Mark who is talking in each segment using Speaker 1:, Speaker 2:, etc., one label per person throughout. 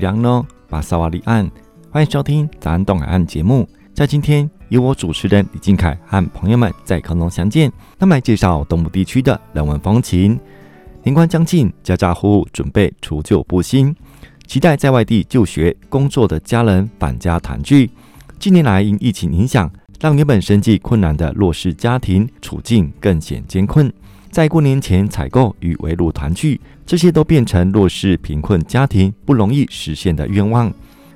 Speaker 1: 梁諾，巴沙瓦里安，歡迎收聽《早安東海岸》節目，在今天由我主持人李俊凱和朋友們在克隆相見，他們來介紹東部地區的人文風情。年關將近，家家戶戶準備除舊布新，期待在外地就學工作的家人返家團聚。近年來因疫情影響，讓原本生計困難的弱勢家庭處境更顯艱困。在過年前採購與圍爐團聚，這些都變成弱勢貧困家庭不容易實現的願望。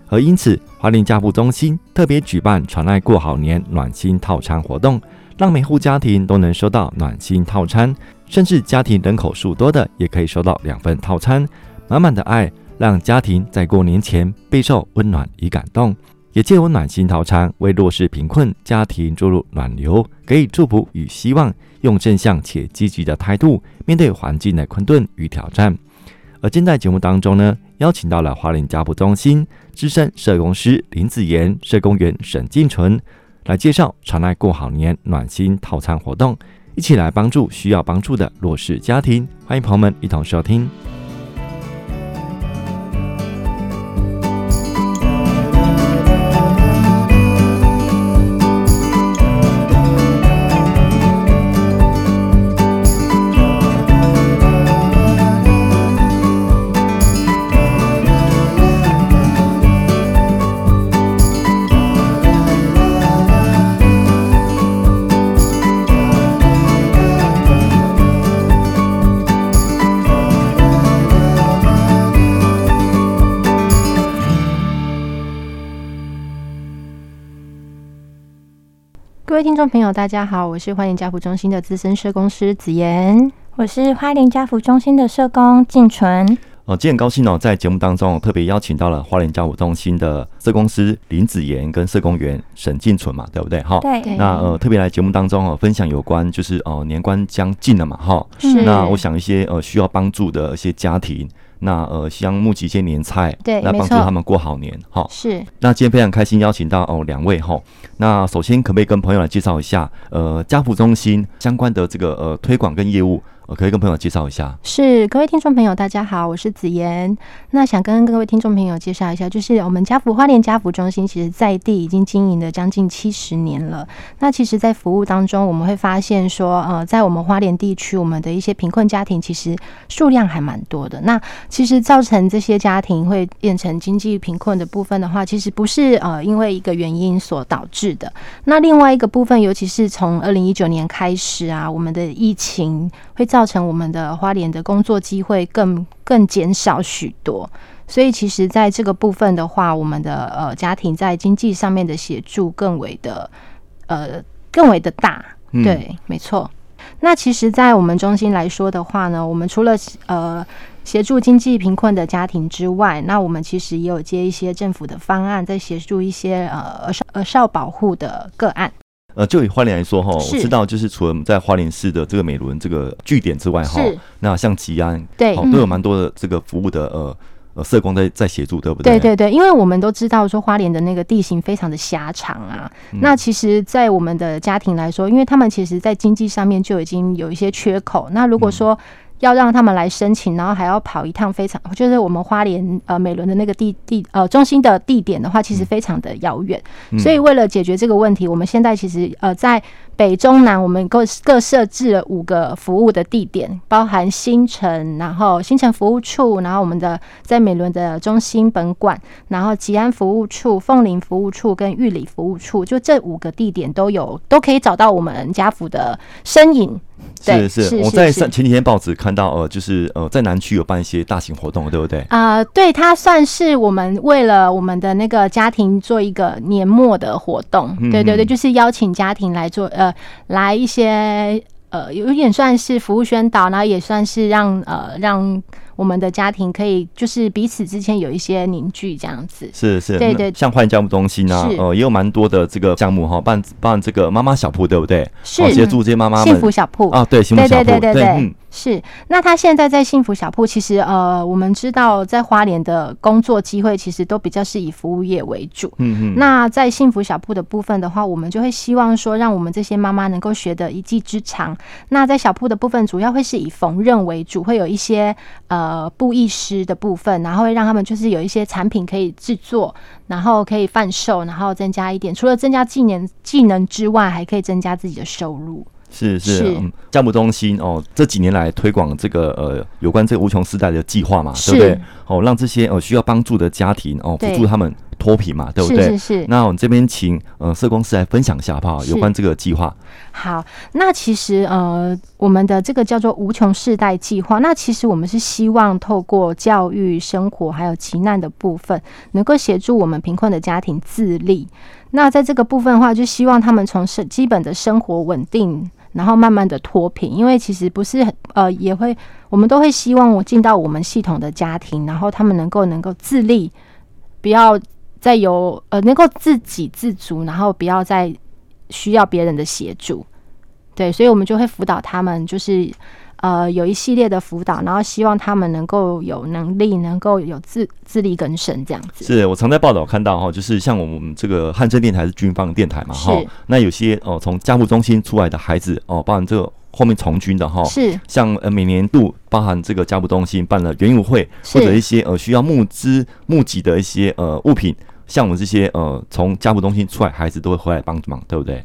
Speaker 1: 而因此，花蓮家扶中心特別舉辦“傳愛過好年暖心套餐”活動，讓每戶家庭都能收到暖心套餐，甚至家庭人口數多的也可以收到兩份套餐。滿滿的愛，讓家庭在過年前備受溫暖與感動。也藉由暖心套餐為弱勢貧困家庭注入暖流，給予祝福與希望，用正向且積極的態度面對環境的困頓與挑戰。而今在節目當中呢，邀請到了花蓮家扶中心資深社工師林紫妍、社工員沈靖淳來介紹“傳愛過好年”暖心套餐活動，一起來幫助需要幫助的弱勢家庭。歡迎朋友們一同收聽。
Speaker 2: 各位聽眾朋友，大家好，我是花蓮家扶中心的資深社工師紫妍。我是花蓮家扶中心的社工靖淳。
Speaker 1: 哦，今天很高興哦，在節目當中特別邀請到了花蓮家扶中心的社工師林紫妍跟社工員沈靖淳嘛，對不對？哈，對。那呃，特別來節目當中哦，分享有關就是哦，年關將近了嘛，哈。是。那我想一些呃，需要幫助的一些家庭。那呃，希望募集一些年菜，對，來幫助他們過好年，哈，是。那今天非常開心邀請到哦兩位哈，那首先可不可以跟朋友來介紹一下呃家扶中心相關的這個呃推廣跟業務？我可以跟朋友介紹一下，
Speaker 2: 是各位聽眾朋友，大家好，我是紫妍。那想跟各位聽眾朋友介紹一下，就是我們家扶花蓮家扶中心，其實在地已經經營了將近七十年了。那其實，在服務當中，我們會發現說，呃，在我們花蓮地區，我們的一些貧困家庭其實數量還蠻多的。那其實造成這些家庭會變成經濟貧困的部分的話，其實不是呃因為一個原因所導致的。那另外一個部分，尤其是從二零一九年開始啊，我們的疫情會。造成我們的花蓮的工作機會更更減少許多，所以其實在這個部分的話，我們的呃家庭在經濟上面的協助更為的呃更為的大、嗯，對，沒錯。那其實，在我們中心來說的話呢，我們除了呃協助經濟貧困的家庭之外，那我們其實也有接一些政府的方案，在協助一些呃兒少兒少保護的個案。
Speaker 1: 呃，就以花蓮來說哈，我知道就是除了我們在花蓮市的這個美倫這個據點之外哈，那像吉安對都有蠻多的這個服務的呃呃社工在在協助，對不對？對
Speaker 2: 對對，因為我們都知道說花蓮的那個地形非常的狹長啊，那其實，在我們的家庭來說，因為他們其實在經濟上面就已經有一些缺口，那如果說，要讓他們來申請，然後還要跑一趟，非常就是我們花蓮呃美崙的那個地地呃中心的地點的話，其實非常的遙遠。嗯，所以為了解決這個問題，我們現在其實呃在北中南我們各各設置了五個服務的地點，包含新城，然後新城服務處，然後我們的在美崙的中心本館，然後吉安服務處、鳳林服務處跟玉里服務處，就這五個地點都有都可以找到我們家扶的身影。是是，是，是，是是，我在前
Speaker 1: 幾天報紙看到，呃，就是呃，在南區有辦一些大型活動，對不對？啊、
Speaker 2: 呃，對，它算是我們為了我們的那個家庭做一個年末的活動，嗯，對對對，就是邀請家庭來做，呃，來一些，呃，有一點算是服務宣導，然後也算是讓呃讓。我們的家庭可以就是彼此之間有一些凝聚，這樣子
Speaker 1: 是是對對，對，像換家扶中心啊，哦也有蠻多的這個項目哈，辦辦這個媽媽小鋪，對不對？是、哦、直接助這些媽媽幸福小鋪啊，對幸福小鋪，對對對對，對。
Speaker 2: 是，那他現在在幸福小鋪，其實呃，我們知道在花蓮的工作機會其實都比較是以服務業為主。嗯嗯。那在幸福小鋪的部分的話，我們就會希望說，讓我們這些媽媽能夠學得一技之長。那在小鋪的部分，主要會是以縫紉為主，會有一些呃布藝師的部分，然後會讓他們就是有一些產品可以制作，然後可以販售，然後增加一點。除了增加技能技能之外，還可以增加自己的收入。
Speaker 1: 是是，家扶、嗯、中心哦，這幾年來推廣這個呃有關這個無窮世代的計劃嘛，對不對？哦，讓這些哦、呃、需要幫助的家庭哦，輔助他們脫貧嘛對，對不對？是是是。那我們這邊請呃社工師來分享一下好不好？有關這個計劃。
Speaker 2: 好，那其實呃我們的這個叫做無窮世代計劃，那其實我們是希望透過教育、生活還有急難的部分，能夠協助我們貧困的家庭自立。那在這個部分的話，就希望他們從生基本的生活穩定。然後慢慢的脫貧，因為其實不是很呃，也會我們都會希望我進到我們系統的家庭，然後他們能夠能夠自立，不要再有呃能夠自給自足，然後不要再需要別人的協助，對，所以我們就會輔導他們，就是。呃，有一系列的輔導，然後希望他們能夠有能力，能夠有自自力更生這
Speaker 1: 樣子。是我常在報道看到哈，就是像我們這個漢聲電台是軍方電台嘛哈，那有些哦從、呃、家扶中心出來的孩子哦、呃，包含這個後面從軍的哈，是像呃每年度包含這個家扶中心辦了園遊會，或者一些呃需要募資募集的一些呃物品，像我們這些呃從家扶中心出來孩子都會回來幫忙，對不對？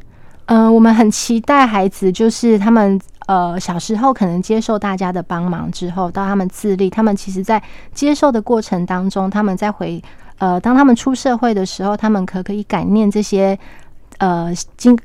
Speaker 2: 嗯、呃，我們很期待孩子，就是他們呃小時候可能接受大家的幫忙之後，到他們自立，他們其實在接受的過程當中，他們在回呃，當他們出社會的時候，他們可可以感念這些呃經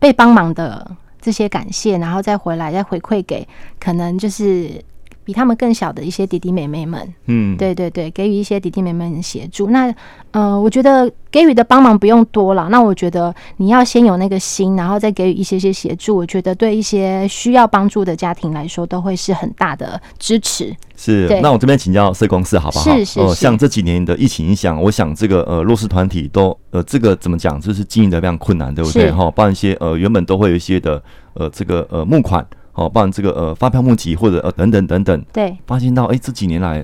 Speaker 2: 被幫忙的這些感謝，然後再回來再回饋給可能就是。比他們更小的一些弟弟妹妹們，嗯，對對對，給予一些弟弟妹妹們協助。那，呃，我覺得給予的幫忙不用多了。那我覺得你要先有那個心，然後再給予一些些協助。我覺得對一些需要幫助的家庭來說，都會是很大的支持、嗯。呃、
Speaker 1: 是。那我這邊請教社工師好不好？是是是、呃。像這幾年的疫情影響，我想這個呃弱勢團體都呃這個怎麼講，就是經營的非常困難，對不對哈？包含一些呃原本都會有一些的呃這個呃募款。哦，不然這個呃發票募集或者呃等等等等，對，發現到哎、欸、這幾年來、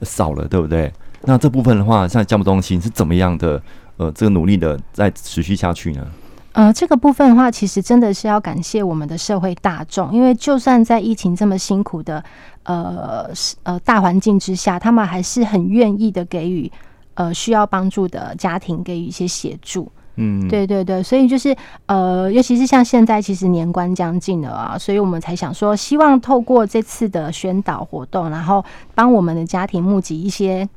Speaker 1: 呃、少了，對不對？那這部分的話，像家扶中心是怎麼樣的？呃，這個努力的再持續下去呢？
Speaker 2: 呃，這個部分的話，其實真的是要感謝我們的社會大眾，因為就算在疫情這麼辛苦的呃呃大環境之下，他們還是很願意的給予呃需要幫助的家庭給予一些協助。嗯，對對對，所以就是呃，尤其是像現在其實年關將近了啊，所以我們才想說，希望透過這次的宣導活動，然後幫我們的家庭募集一些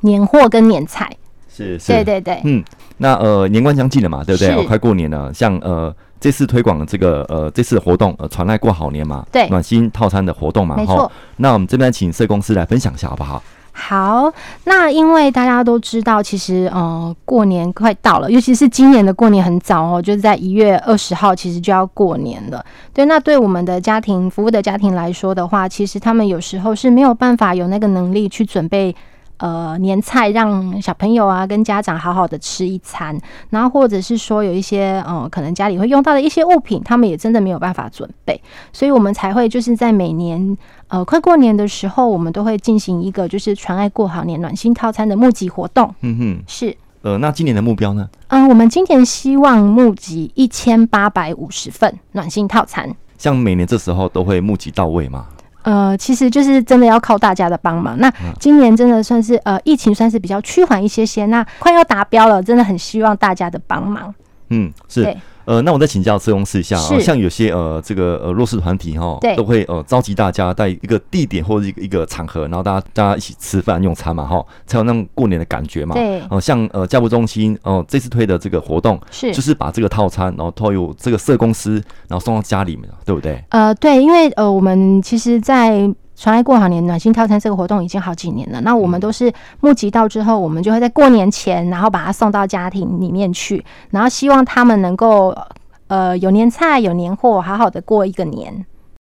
Speaker 2: 年貨跟年菜。
Speaker 1: 是，是，對對對，嗯，那呃，年關將近了嘛，對不對？哦、快過年了，像呃這次推廣的這個呃這次的活動呃傳愛過好年嘛，對，暖心套餐的活動嘛，沒錯。那我們這邊請社工師來分享一下，好不好？
Speaker 2: 好，那因為大家都知道，其實呃、嗯，過年快到了，尤其是今年的過年很早哦，就是在一月二十號，其實就要過年了。對，那對我們的家庭服務的家庭來說的話，其實他們有時候是沒有辦法有那個能力去準備。呃，年菜讓小朋友啊跟家長好好的吃一餐，然後或者是說有一些呃可能家裡會用到的一些物品，他們也真的沒有辦法準備，所以我們才會就是在每年呃快過年的時候，我們都會進行一個就是“傳愛過好年”暖心套餐的募集活動。
Speaker 1: 嗯哼，是。呃，那今年的目標呢？
Speaker 2: 嗯、呃，我們今年希望募集一千八百五十份暖心套餐，
Speaker 1: 像每年這時候都會募集到位嗎？
Speaker 2: 呃，其實就是真的要靠大家的幫忙。那今年真的算是呃，疫情算是比較趨緩一些些，那快要達標了，真的很希望大家的幫忙。
Speaker 1: 嗯，是。呃，那我再請教社工師一下啊、呃，像有些呃，這個呃弱勢團體哈，都會呃召集大家在一個地點或者一個場合，然後大家大家一起吃飯用餐嘛哈，才有那種過年的感覺嘛。對，哦、呃，像呃家扶中心哦、呃、這次推的這個活動，是就是把這個套餐，然後託由這個社工師，然後送到家裡面，對不對？
Speaker 2: 呃，對，因為呃我們其實，在。傳愛過好年暖心套餐這個活動已經好幾年了，那我們都是募集到之後，我們就會在過年前，然後把它送到家庭裡面去，然後希望他們能夠呃有年菜、有年貨，好好的過一個年。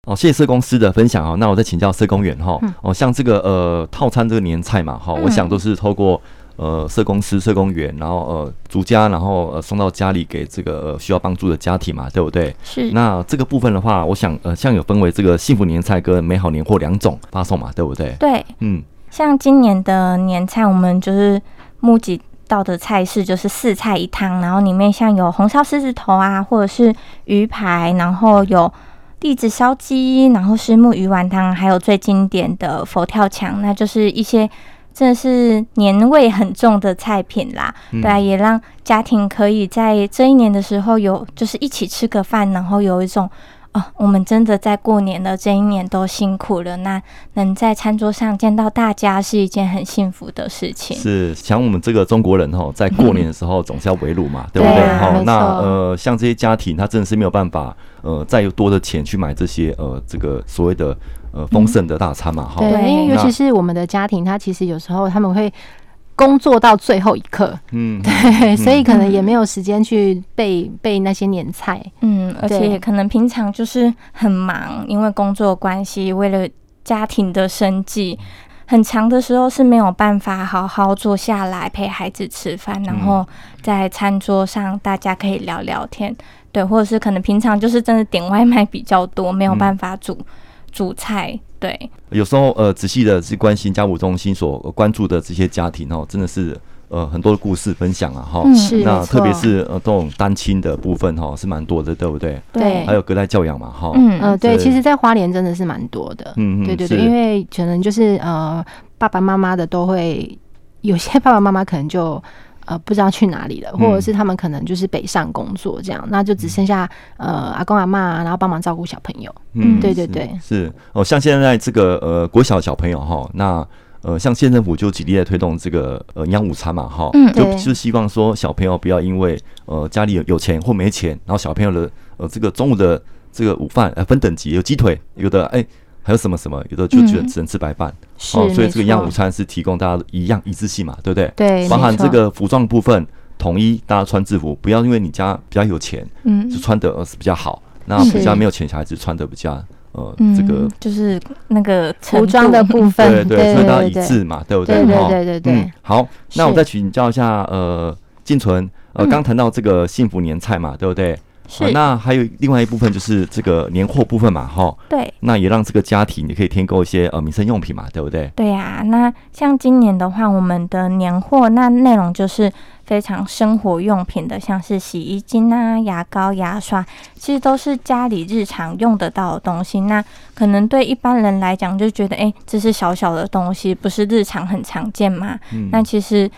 Speaker 1: 哦，謝謝社工師的分享哦。那我再請教社工員哈，哦，像這個呃套餐這個年菜嘛哈，我想都是透過。呃，社工師、社工員，然後呃，逐家，然後呃，送到家裡給這個、呃、需要幫助的家庭嘛，對不對？是。那這個部分的話，我想呃，像有分為這個幸福年菜跟美好年貨兩種發送嘛，對不對？對，嗯。
Speaker 3: 像今年的年菜，我們就是募集到的菜式就是四菜一湯，然後裡面像有紅燒獅子頭啊，或者是魚排，然後有栗子燒雞，然後是木魚丸湯，還有最經典的佛跳牆，那就是一些。這是年味很重的菜品啦，嗯、對、啊，也讓家庭可以在這一年的時候有，就是一起吃個飯，然後有一種哦、啊，我們真的在過年的這一年都辛苦了，那能在餐桌上見到大家是一件很幸福的事情。是
Speaker 1: 像我們這個中國人哈、哦，在過年的時候總是要圍爐嘛， 對不對？哈、啊，那呃，像這些家庭，他真的是沒有辦法呃，再有多的錢去買這些呃，這個所謂的。豐盛的大餐嘛，嗯、對，因為尤其是
Speaker 2: 我們的家庭，他其實有時候他們會工作到最後一刻，
Speaker 1: 嗯，對，嗯、所以可能也
Speaker 2: 沒有時間去備、嗯、備那些年菜，
Speaker 3: 嗯，而且可能平常就是很忙，因為工作關係，為了家庭的生計，很長的時候是沒有辦法好好坐下來陪孩子吃飯，然後在餐桌上大家可以聊聊天，對，或者是可能平常就是真的點外賣比較多，沒有辦法煮。嗯主菜對，
Speaker 1: 有時候呃，仔細的去關心家扶中心所關注的這些家庭哦，真的是呃很多的故事分享啊哈、嗯，那特別是、嗯、呃這種單親的部分哈，是蠻多的，對不對？對，還有隔代教養嘛哈，嗯呃，對，其實，
Speaker 2: 在花蓮真的是蠻多的，
Speaker 1: 嗯對對對，因
Speaker 2: 為可能就是呃爸爸媽媽的都會有些爸爸媽媽可能就。呃，不知道去哪裡了，或者是他們可能就是北上工作這樣，嗯、那就只剩下呃、嗯、阿公阿嬤，然後幫忙照顧小朋友。嗯，對對對，
Speaker 1: 是哦、呃，像現在這個呃國小的小朋友哈，那呃像縣政府就極力在推動這個呃營養午餐嘛，哈、嗯，就希望說小朋友不要因為呃家裡有有錢或沒錢，然後小朋友的呃這個中午的這個午飯呃分等級，有雞腿，有的哎。欸還有什麼什麼？有的就覺得只能吃白飯，哦、嗯啊，所以這個營養午餐是提供大家一樣一致性嘛，對不對？對，包含這個服裝部分，統一大家穿制服，不要因為你家比較有錢，嗯，就穿的比較好是，那比較沒有錢小孩子穿的比較呃、嗯，這個
Speaker 3: 就是那個
Speaker 2: 服裝的部分，對對，對，對對，穿到一致嘛，對不對，對，對，對？對對對對，對，、哦對，對，對，對，對嗯，
Speaker 1: 好，那我再請教一下，呃，靖淳，呃，剛、嗯、談到這個幸福年菜嘛，嗯、對不對，對，對，對？呃、那還有另外一部分就是這個年貨部分嘛，哈，對，那也讓這個家庭你可以添購一些呃民生用品嘛，對不對？
Speaker 3: 對啊。那像今年的話，我們的年貨那內容就是非常生活用品的，像是洗衣精、啊、牙膏、牙刷，其實都是家裡日常用得到的東西。那可能對一般人來講，就覺得哎、欸，這是小小的東西，不是日常很常見嘛？嗯，那其實。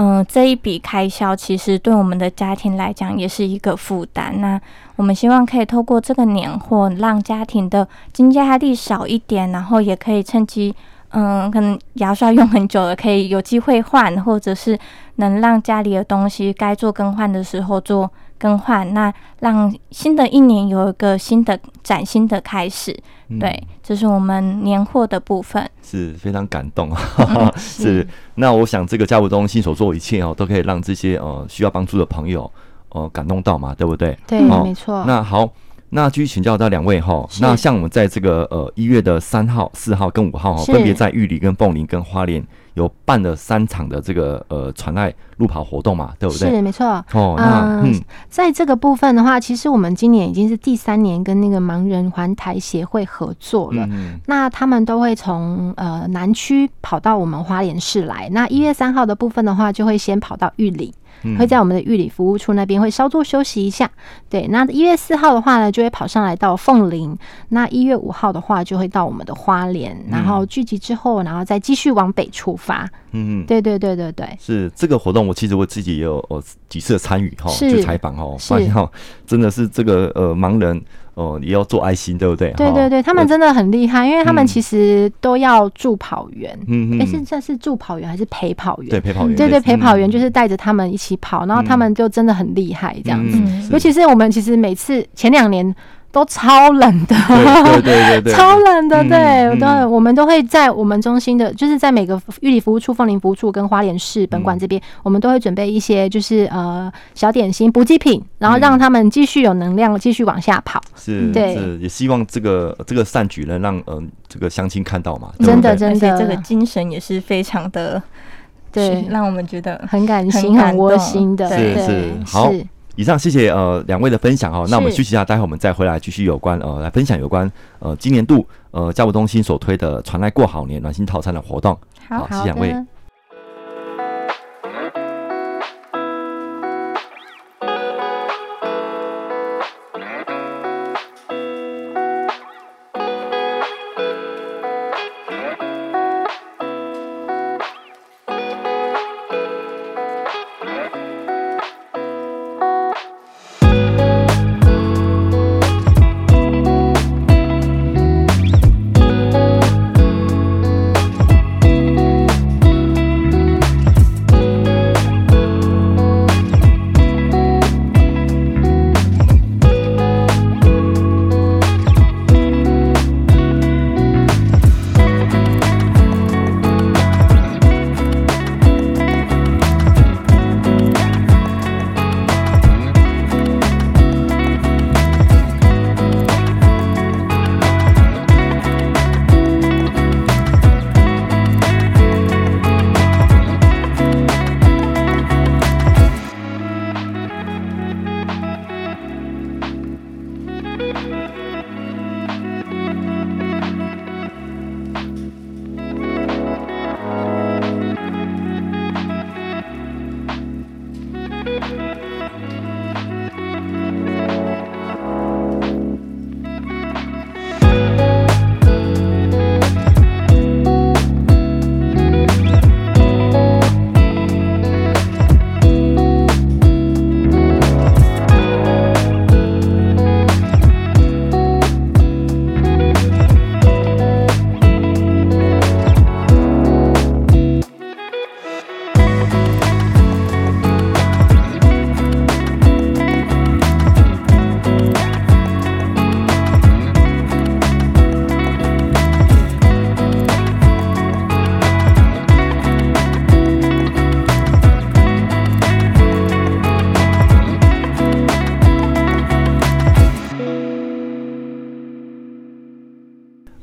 Speaker 3: 嗯，這一筆開銷其實對我們的家庭來講也是一個負擔。那我們希望可以透過這個年貨，讓家庭的經濟壓力少一點，然後也可以趁機，嗯，可能牙刷用很久了，可以有機會換，或者是能讓家裡的東西該做更換的時候做更換，那讓新的一年有一個新的嶄新的開始。嗯、對，這、就是我們年貨的部分，
Speaker 1: 是非常感動、嗯呵呵是。是，那我想這個家扶中心所做一切哦，都可以讓這些呃需要幫助的朋友呃感動到嘛，對不對？對，哦、沒錯。那好，那繼續請教到兩位哈、哦。那像我們在這個呃一月的三號、四號跟五號哈、哦，分別在玉里、跟鳳林、跟花蓮，有辦了三場的這個呃傳愛路跑活動嘛，對不對？是沒錯哦。那、嗯嗯、
Speaker 2: 在這個部分的話，其實我們今年已經是第三年跟那個盲人環台協會合作了。嗯。那他們都會從呃南區跑到我們花蓮市來。那一月三號的部分的話，就會先跑到玉里。會在我們的玉里服務處那邊、嗯、會，會稍作休息一下，對。那一月四號的話呢，就會跑上來到鳳林；那一月五號的話，就會到我們的花蓮、嗯，然後聚集之後，然後再繼續往北出發。嗯，對對對對對，對是，
Speaker 1: 是這個活動，我其實我自己也有，有幾次參與哈，去採訪哦，發現、喔、真的是這個呃盲人。哦，你要做愛心，對不對？對對對，他們真
Speaker 2: 的很厲害，因為他們其實都要助跑員，嗯，但、嗯嗯欸、是這是，是助跑員還是陪跑員？對，陪跑員，對對陪跑員，就是帶着他們一起跑，然後他們就真的很厲害，這樣子、嗯嗯。尤其是我們其實每次前兩年。都超冷的， 超冷的，嗯、對，對、嗯對，嗯、對，我們都會在我們中心的，就是在每個玉里服務處、鳳林服務處跟花蓮市本館這邊、嗯，我們都會準備一些，就是呃小點心、補給品，然後讓他們繼續有能量，繼續往下跑。嗯、是，對是
Speaker 1: 是，也希望這個這個善舉能讓嗯、呃、這個鄉親看到嘛對
Speaker 3: 對，真的，真的而且這個精神也是非常的，對，讓我們覺得很
Speaker 2: 感心很窩心的，對是是對，好。是
Speaker 1: 以上謝謝呃兩位的分享哦，那我們休息一下，待會我們再回來繼續有關呃來分享有關呃今年度呃家扶中心所推的傳愛過好年暖心套餐的活動，好,好,好，謝謝兩位。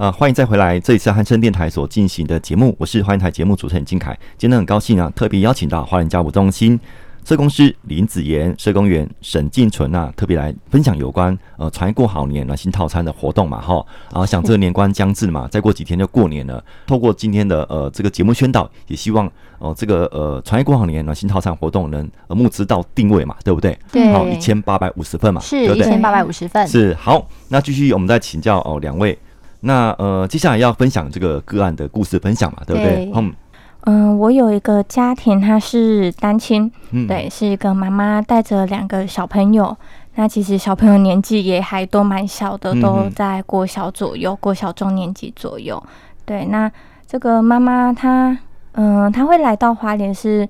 Speaker 1: 啊，歡迎再回來！這一次漢聲電台所進行的節目，我是歡迎台節目主持人金凱。今天很高興啊，特別邀請到花蓮家扶中心社工師林紫妍、社工員沈靖淳啊，特別來分享有關呃“傳愛過好年”暖心套餐的活動嘛，哈。然、啊、後想這年關將至嘛，再過幾天就過年了。透過今天的呃這個節目宣導，也希望哦、呃、這個呃“傳愛過好年呢”暖心套餐活動能呃募資到定位嘛，對不對？對。然後一千八百五十份嘛，是一千八百五十份，是好。那繼續我們再請教哦兩、呃、位。那呃，接下來要分享這個個案的故事分享嘛，對，對不對？嗯、呃、
Speaker 3: 我有一個家庭，他是單親、嗯，對，是一個媽媽帶着兩個小朋友。那其實小朋友年紀也還都蠻小的，都在國小左右，嗯、國小中年級左右。對，那這個媽媽她，嗯、呃，她會來到花蓮是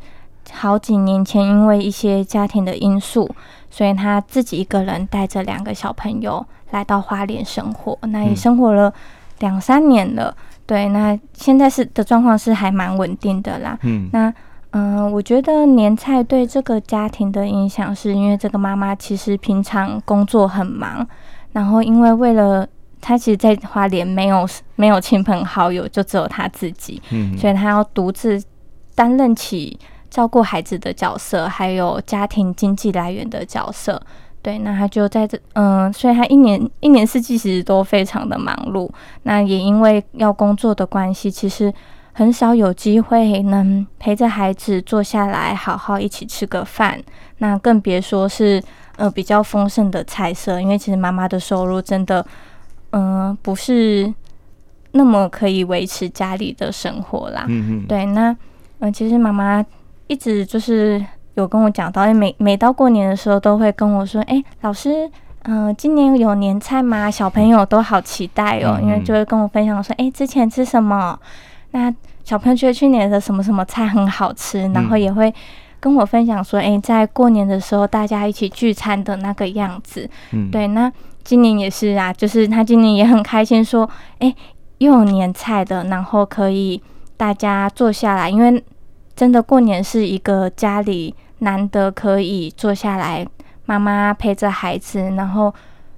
Speaker 3: 好幾年前，因為一些家庭的因素，所以她自己一個人帶着兩個小朋友。來到花蓮生活，那也生活了兩三年了，嗯。對，那現在是的狀況是還蠻穩定的啦。嗯，那嗯，呃，我覺得年菜對這個家庭的影響，是因為這個媽媽其實平常工作很忙，然後因為為了她，其實在花蓮沒有沒有親朋好友，就只有她自己，嗯，所以她要獨自擔任起照顧孩子的角色，還有家庭經濟來源的角色。對，那他就在這，嗯、呃，所以他一年一年四季其實都非常的忙碌。那也因為要工作的關係，其實很少有機會能陪着孩子坐下來好好一起吃個飯。那更別說是呃比較豐盛的菜色，因為其實媽媽的收入真的，嗯、呃，不是那麼可以維持家裡的生活啦。嗯對，那，嗯、呃，其實媽媽一直就是。有跟我講到，因為每每到過年的時候，都會跟我說：“欸，老師，嗯，今年有年菜嗎？”小朋友都好期待喔，因為就會跟我分享說：“欸，之前吃什麼？”那小朋友覺得去年的什麼什麼菜很好吃，然後也會跟我分享說：“欸，在過年的時候，大家一起聚餐的那個樣子。嗯”對，那今年也是啊，就是他今年也很開心，說：“欸，又有年菜的，然後可以大家坐下來，因為真的過年是一個家裡。”難得可以坐下來，媽媽陪着孩子，然後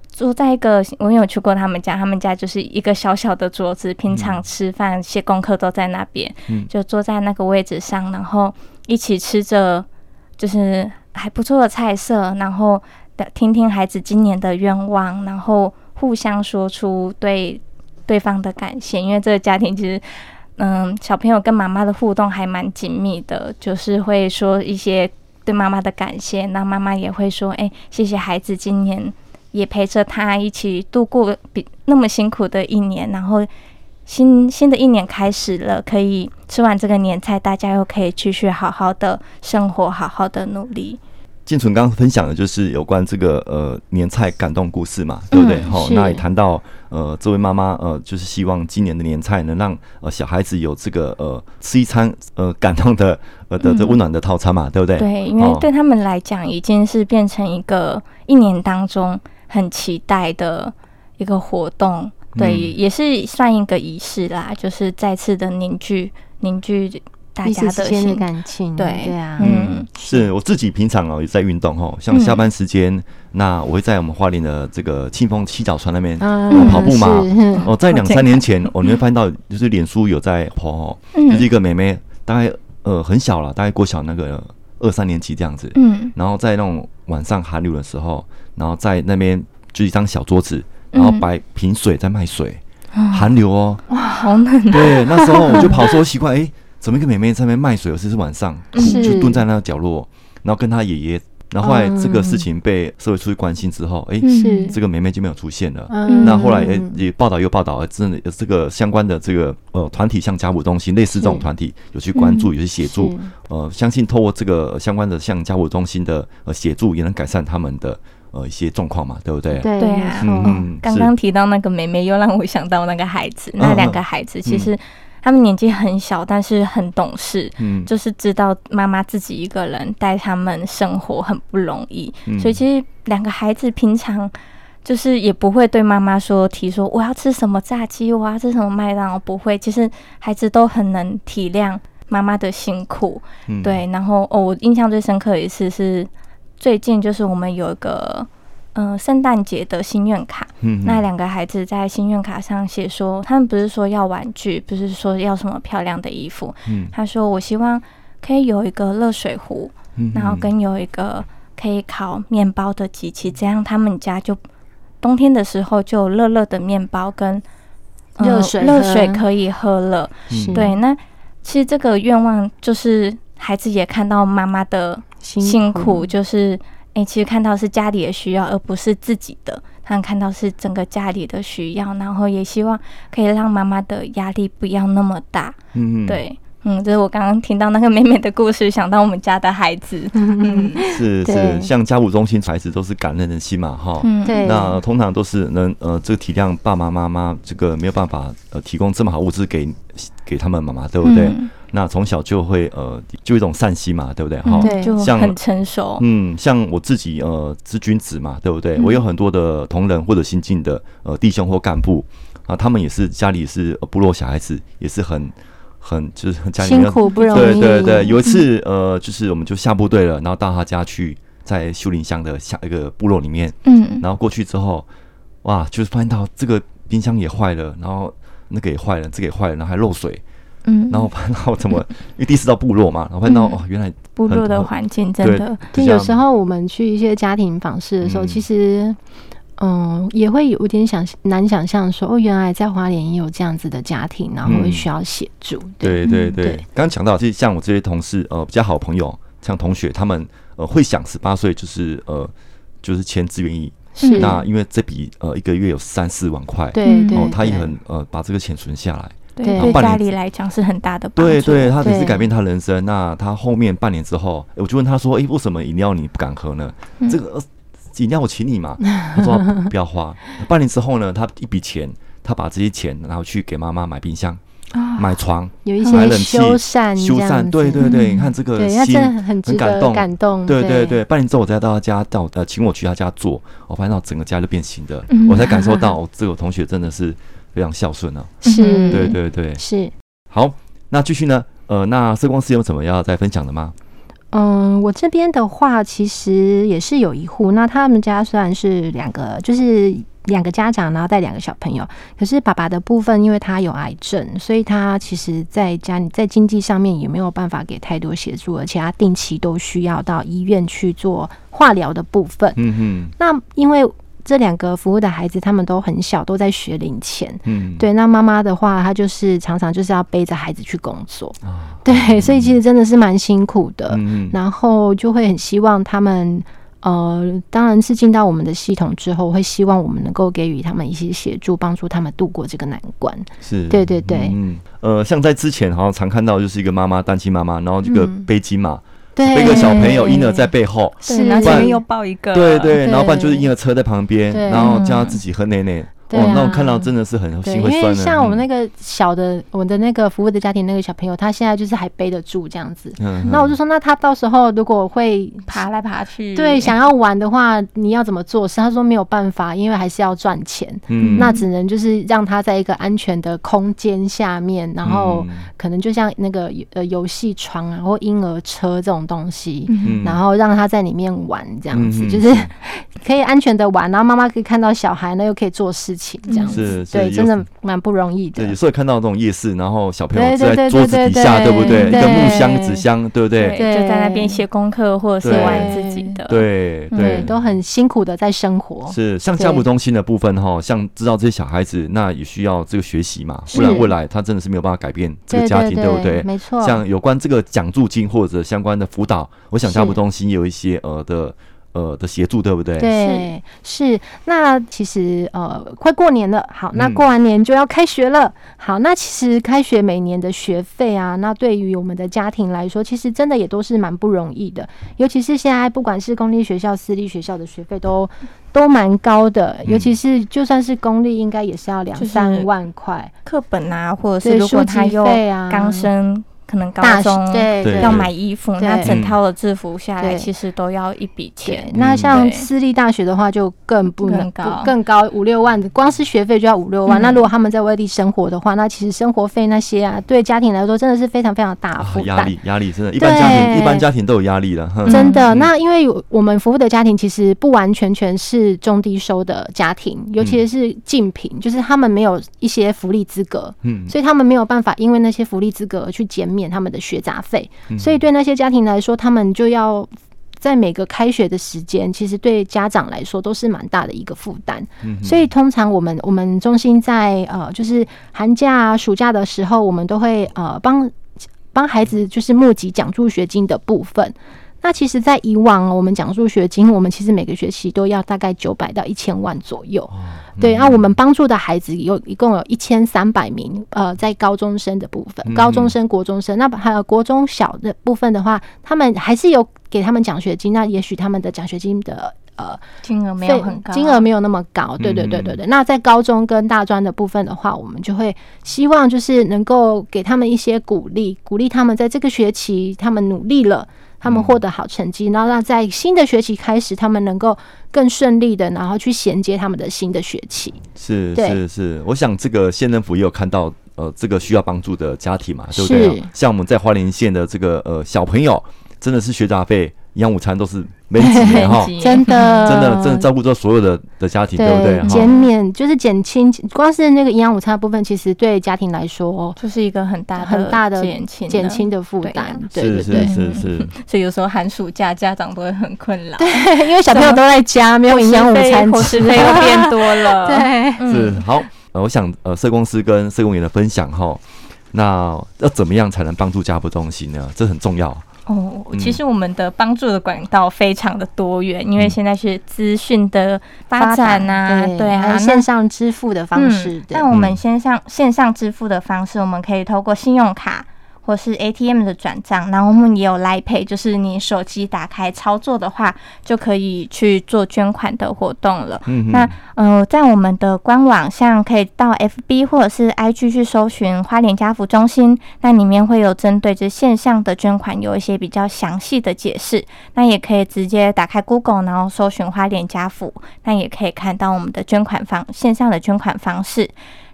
Speaker 3: 坐在一個我有去過他們家，他們家就是一個小小的桌子，平常吃飯、寫功課都在那邊、嗯，就坐在那個位置上，然後一起吃着就是還不錯的菜色，然後聽聽孩子今年的願望，然後互相說出對對方的感謝，因為這個家庭其實，嗯，小朋友跟媽媽的互動還蠻緊密的，就是會說一些。對媽媽的感謝，那媽媽也會說：“哎，謝謝孩子，今年也陪着他一起度過比那麼辛苦的一年。然後新新的一年開始了，可以吃完這個年菜，大家又可以繼續好好的生活，好好的努力。”
Speaker 1: 靖淳剛剛分享的就是有關這個呃年菜感動故事嘛，對不對？好、嗯，那也談到呃，這位媽媽呃，就是希望今年的年菜能讓呃小孩子有這個呃吃一餐呃感動的呃的這溫暖的套餐嘛、嗯，對不對？對，因為對他
Speaker 3: 們來講，已經是變成一個一年當中很期待的一個活動，對，也是算一個儀式啦，嗯、就是再次的凝聚凝聚。大家之
Speaker 2: 間的，的感
Speaker 1: 情感，對對嗯，嗯，是我自己平常哦也在運動吼、哦，像下班時間、嗯，那我會在我們花蓮的這個慶豐七腳川那邊、嗯、跑步嘛。嗯、哦，嗯、在兩三年前，我就會發現到，就是臉書有在跑、哦嗯，就是一個妹妹，大概呃很小了，大概國小那個二三年級這樣子，嗯，然後在那種晚上寒流的時候，然後在那邊就一張小桌子，然後擺瓶水在賣水、嗯，寒流哦，哇，
Speaker 3: 好冷、啊，對，那時候我就跑說
Speaker 1: 奇怪，哎、 欸。怎麼一個妹妹在那邊賣水？尤其是晚上，就蹲在那個角落，然後跟她爺爺。然後後來這個事情被社會出去關心之後、欸，哎，這個妹妹就沒有出現了、嗯。那後來也、哎、報道又報道、啊，真的有這個相關的這個呃團體，像家扶中心類似這種團體有去關注，有去協助。呃，相信透過這個相關的像家扶中心的協助，也能改善他們的呃一些狀況嘛，對不對？對呀、啊。嗯，剛剛
Speaker 3: 提到那個妹妹，又讓我想到那個孩子，那兩個孩子其實、嗯。嗯他們年紀很小，但是很懂事，嗯、就是知道媽媽自己一個人帶他們生活很不容易，嗯、所以其實兩個孩子平常就是也不會對媽媽說提說我要吃什麼炸雞，我要吃什麼麥當勞，不會，其實孩子都很能體諒媽媽的辛苦、嗯，對。然後哦，我印象最深刻的一次是最近就是我們有一個嗯聖誕節的心願卡。那兩個孩子在心願卡上寫說，他們不是說要玩具，不是說要什麼漂亮的衣服。嗯、他說：“我希望可以有一個熱水壺、嗯，然後跟有一個可以烤麵包的機器，這樣他們家就冬天的時候就有熱熱的麵包跟
Speaker 1: 熱水熱、嗯、熱水可
Speaker 3: 以喝了。”對，那其實這個願望就是孩子也看到媽媽的辛苦，辛苦，就是哎、欸，其實看到是家裡的需要，而不是自己的。看到是整個家裡的需要，然後也希望可以讓媽媽的壓力不要那麼大。嗯，對，嗯，就是我剛剛聽到那個妹妹的故事，想到我們家的孩子。
Speaker 1: 嗯，是是，像家務中心孩子都是感恩的心嘛，哈。嗯，對。那通常都是能呃，這個體諒爸爸媽媽，這個沒有辦法呃，提供這麼好物資給給他們媽媽，對不對？嗯那從小就會呃，就一種善心嘛，對不對？哈，對，就很成熟。嗯，像我自己呃，知君子嘛，對不對，嗯？我有很多的同仁或者，新進的呃，弟兄或幹部啊，他們也是家裡是部落小孩子，也是很很就是很家裡面辛苦不容易。對對對，對，有一次呃，就是我們就下部隊了，然後到他家去，在秀林鄉的下一個部落裡面，嗯，然後過去之後，哇，就是發現到這個冰箱也壞了，然後那個也壞了，這個也壞了，然後還漏水。嗯，然後，然後怎麼？嗯、因為第四道部落嘛，然後看到、嗯、哦，原來部落的
Speaker 2: 環境真的。就有時候我們去一些家庭訪視的時候，嗯、其實，嗯、呃，也會有點想難想象說，說哦，原來在花蓮也有這樣子的家庭，然後會需要協助。嗯、對對對，對，對。剛
Speaker 1: 剛講到，就是像我這些同事呃，比較好朋友，像同學，他們呃會想十八歲就是呃就是簽志願役。是。那因為這筆呃一個月有三四萬塊，對對，嗯、他也很呃把這個錢存下來。對，對家裡
Speaker 3: 來講是很大的幫助。對，對，對，對他只是改變
Speaker 1: 他人生。那他後面半年之後，我就問他說：“哎、欸，為什麼飲料你不敢喝呢？嗯、這個飲、呃、料我請你嘛。”他說：“不要花。 ”半年之後呢，他一筆錢，他把這些錢然後去給媽媽買冰箱、啊、買床、買冷氣、修繕、修繕。對對對、嗯，你看這個心很，很感動，感動對對對對。對對對，半年之後我再到他家，到呃，請我去他家坐，對我發現到整個家就變形的、嗯，我才感受到我、哦、這個我同學真的是。 非常孝順呢，是，對對對、對，是。好，那繼續呢？呃，那社工師有什麼要再分享的嗎？
Speaker 2: 嗯，我這邊的話，其實也是有一戶，那他們家雖然是兩個，就是兩個家長，然後帶兩個小朋友，可是爸爸的部分，因為他有癌症，所以他其實在家裡，在經濟上面也沒有辦法給太多協助，而且他定期都需要到醫院去做化療的部分。嗯哼，那因為。這兩個服務的孩子，他們都很小，都在學齡前。嗯，對。那媽媽的話，她就是常常就是要背着孩子去工作。啊，對。嗯。所以其實真的是蠻辛苦的。嗯。然後就會很希望他們，呃，當然是進到我們的系統之後，會希望我們能夠給予他們一些協助，幫助他們度過這個難關。
Speaker 1: 是，對對對。嗯。嗯。呃，像在之前，好像常看到就是一個媽媽，單親媽媽，然後這個背機嘛。嗯嗯對，背個小朋友嬰兒在背後，然，然後旁邊又抱一個對，對對，然後伴就是嬰兒車在旁邊，然後加上自己和奶奶。對、啊哦，那我看到真的是很心酸，啊對。因為像我們
Speaker 2: 那個小的，我的那個服務的家庭那個小朋友，嗯，他現在就是還背得住這樣子，嗯。那我就說，那他到時候如果會爬來爬去， 對，想要玩的話，你要怎麼做事？他說沒有辦法，因為還是要賺錢。嗯，那只能就是讓他在一個安全的空間下面，然後可能就像那個呃遊戲床啊，或嬰兒車這種東西，嗯，然後讓他在裡面玩這樣子，嗯，就是可以安全的玩，然後媽媽可以看到小孩呢，又可以做事。這樣子，對，真的蠻不容易
Speaker 1: 的。對，有時候看到這種夜市，然後小朋友在桌子底下，對不對？一個木箱、紙箱，對不對？對對
Speaker 2: 對，就在那邊寫功課或者是玩自己的，對對，對，、嗯、對，都很辛苦的在生活。是，像家扶中
Speaker 1: 心的部分哈，像知道這些小孩子，那也需要這個學習嘛，不然未來他真的是沒有辦法改變這個家庭，對，對，對，對，對不對？沒錯。像有關這個獎助金或者相關的輔導，我想家扶中心也有一些呃的。呃的協助對不對？對，
Speaker 2: 是。那其實呃，快過年了，好，那過完年就要開學了。好，那其實開學每年的學費啊，那對於我們的家庭來說，其實真的也都是蠻不容易的。尤其是現在，不管是公立學校、私立學校的學費都、嗯、都蠻高的。尤其是就算是公立，應該也是要兩三萬塊。就是、課本啊，或者是如果他用剛生。可能高中對要買衣服對，那整套
Speaker 3: 的制服下來其實都要一筆錢。那像私
Speaker 2: 立大學的話，就更不能高更高不，更高五六萬，光是學費就要五六萬、嗯。那如果他們在外地生活的話，那其實生活費那些啊，對家庭來說真的是非常非常大壓力、
Speaker 1: 哦。壓力真的，一般家庭一般家庭都有壓力了。真的、嗯，那
Speaker 2: 因為我們服務的家庭其實不完全全是中低收的家庭，尤其是近貧、嗯，就是他們沒有一些福利資格，嗯，所以他們沒有辦法因為那些福利資格去減免。免他們的學雜費，所以對那些家庭來說，他們就要在每個開學的時間，其實對家長來說都是蠻大的一個負擔。所以通常我們我們中心在呃，就是寒假、啊、暑假的時候，我們都會呃幫幫孩子就是募集獎助學金的部分。那其實，在以往我們獎助學金，我們其實每個學期都要大概九百到一千萬左右，哦嗯。對，那我們幫助的孩子有一共有一千三百名，呃，在高中生的部分，嗯，高中生、國中生，那還有國中小的部分的話，他們還是有給他們獎學金。那也許他們的獎學金的呃金額沒有很高，啊，金額沒有那麼高。對對對對對。那在高中跟大專的部分的話，我們就會希望就是能夠給他們一些鼓勵，鼓勵他們在這個學期他們努力了。他們獲得好成績，然後讓在新的學期開始，他們能夠更順利的，然後去銜接他們的新的學期。
Speaker 1: 是，是，是。我想這個縣政府也有看到，呃，這個需要幫助的家庭嘛，對不對？像我們在花蓮縣的這個呃小朋友，真的是學雜費。營養午餐都是每幾年哈，真的真的真的照顧到所有的的家庭，對，對不對？減
Speaker 2: 免 就是減輕，光是那個營養午餐的部分，其實對家庭來說就是一個很大的減輕的很大的減輕減輕的負擔。對對，對
Speaker 1: 是，是，是是。
Speaker 2: 所以有時候寒
Speaker 3: 暑假家長都會很困擾，
Speaker 1: 對，因為小朋友都在家，沒有營養午餐吃，食費又變多了。 對，嗯、是好。呃，我想呃社工師跟社工員的分享哈，那要怎麼樣才能幫助家扶中心呢？這很重要。
Speaker 3: 哦，其實我們的幫助的管道非常的多元，因為現在是資訊的發展啊，展，對，對啊，還有線上、嗯、線上，線上支付的
Speaker 2: 方式。那我們
Speaker 3: 線上線上支付的方式，我們可以透過信用卡。或是 ATM 的轉賬，然後我們也有 LINE Pay，就是你手機打開操作的話，就可以去做捐款的活動了。嗯，那呃，在我們的官網，像可以到 FB 或者是 IG 去搜尋花蓮家扶中心，那裡面會有針對這線上的捐款有一些比較詳細的解釋。那也可以直接打開 Google，然後搜尋花蓮家扶，那也可以看到我們的捐款方線上的捐款方式。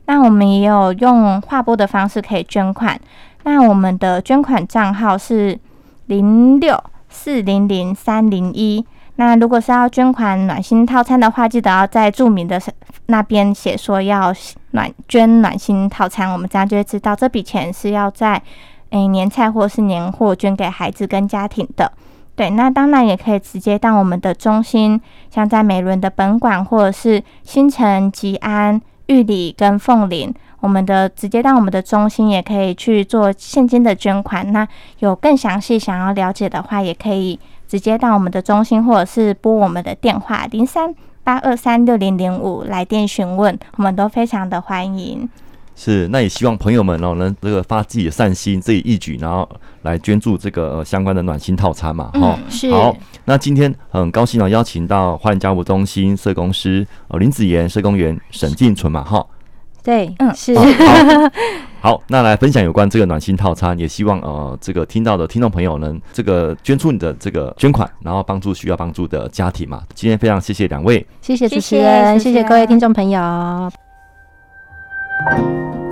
Speaker 3: 那我們也有用劃撥的方式可以捐款。那我們的捐款賬號是零六四零零三零一。那如果是要捐款暖心套餐的話，記得要在注明的那邊寫說要暖捐暖心套餐，我們這樣就會知道這筆錢是要在誒、欸、年菜或是年貨捐給孩子跟家庭的。對，那當然也可以直接到我們的中心，像在美崙的本館，或者是新城吉安、玉里跟鳳林。我們的直接到我們的中心也可以去做現金的捐款。那有更詳細想要了解的話，也可以直接到我們的中心，或者是撥我們的電話零三八二三六零零五來電詢問，我們都非常的歡迎。
Speaker 1: 是，那也希望朋友們然後能這個發自己的善心，自己義舉，然後來捐助這個相關的暖心套餐嘛，哈、嗯。是。好，那今天很高興啊，邀請到花蓮家扶中心社工師哦林紫妍、社工員沈靖淳嘛，哈。
Speaker 3: 對，嗯，是。
Speaker 1: 好好好，好，那來分享有關這個暖心套餐，也希望呃，這個聽到的聽眾朋友能這個捐出你的這個捐款，然後幫助需要幫助的家庭嘛。今天非常謝謝兩位，
Speaker 2: 謝謝支持，謝謝，謝謝各位聽眾朋友。謝謝。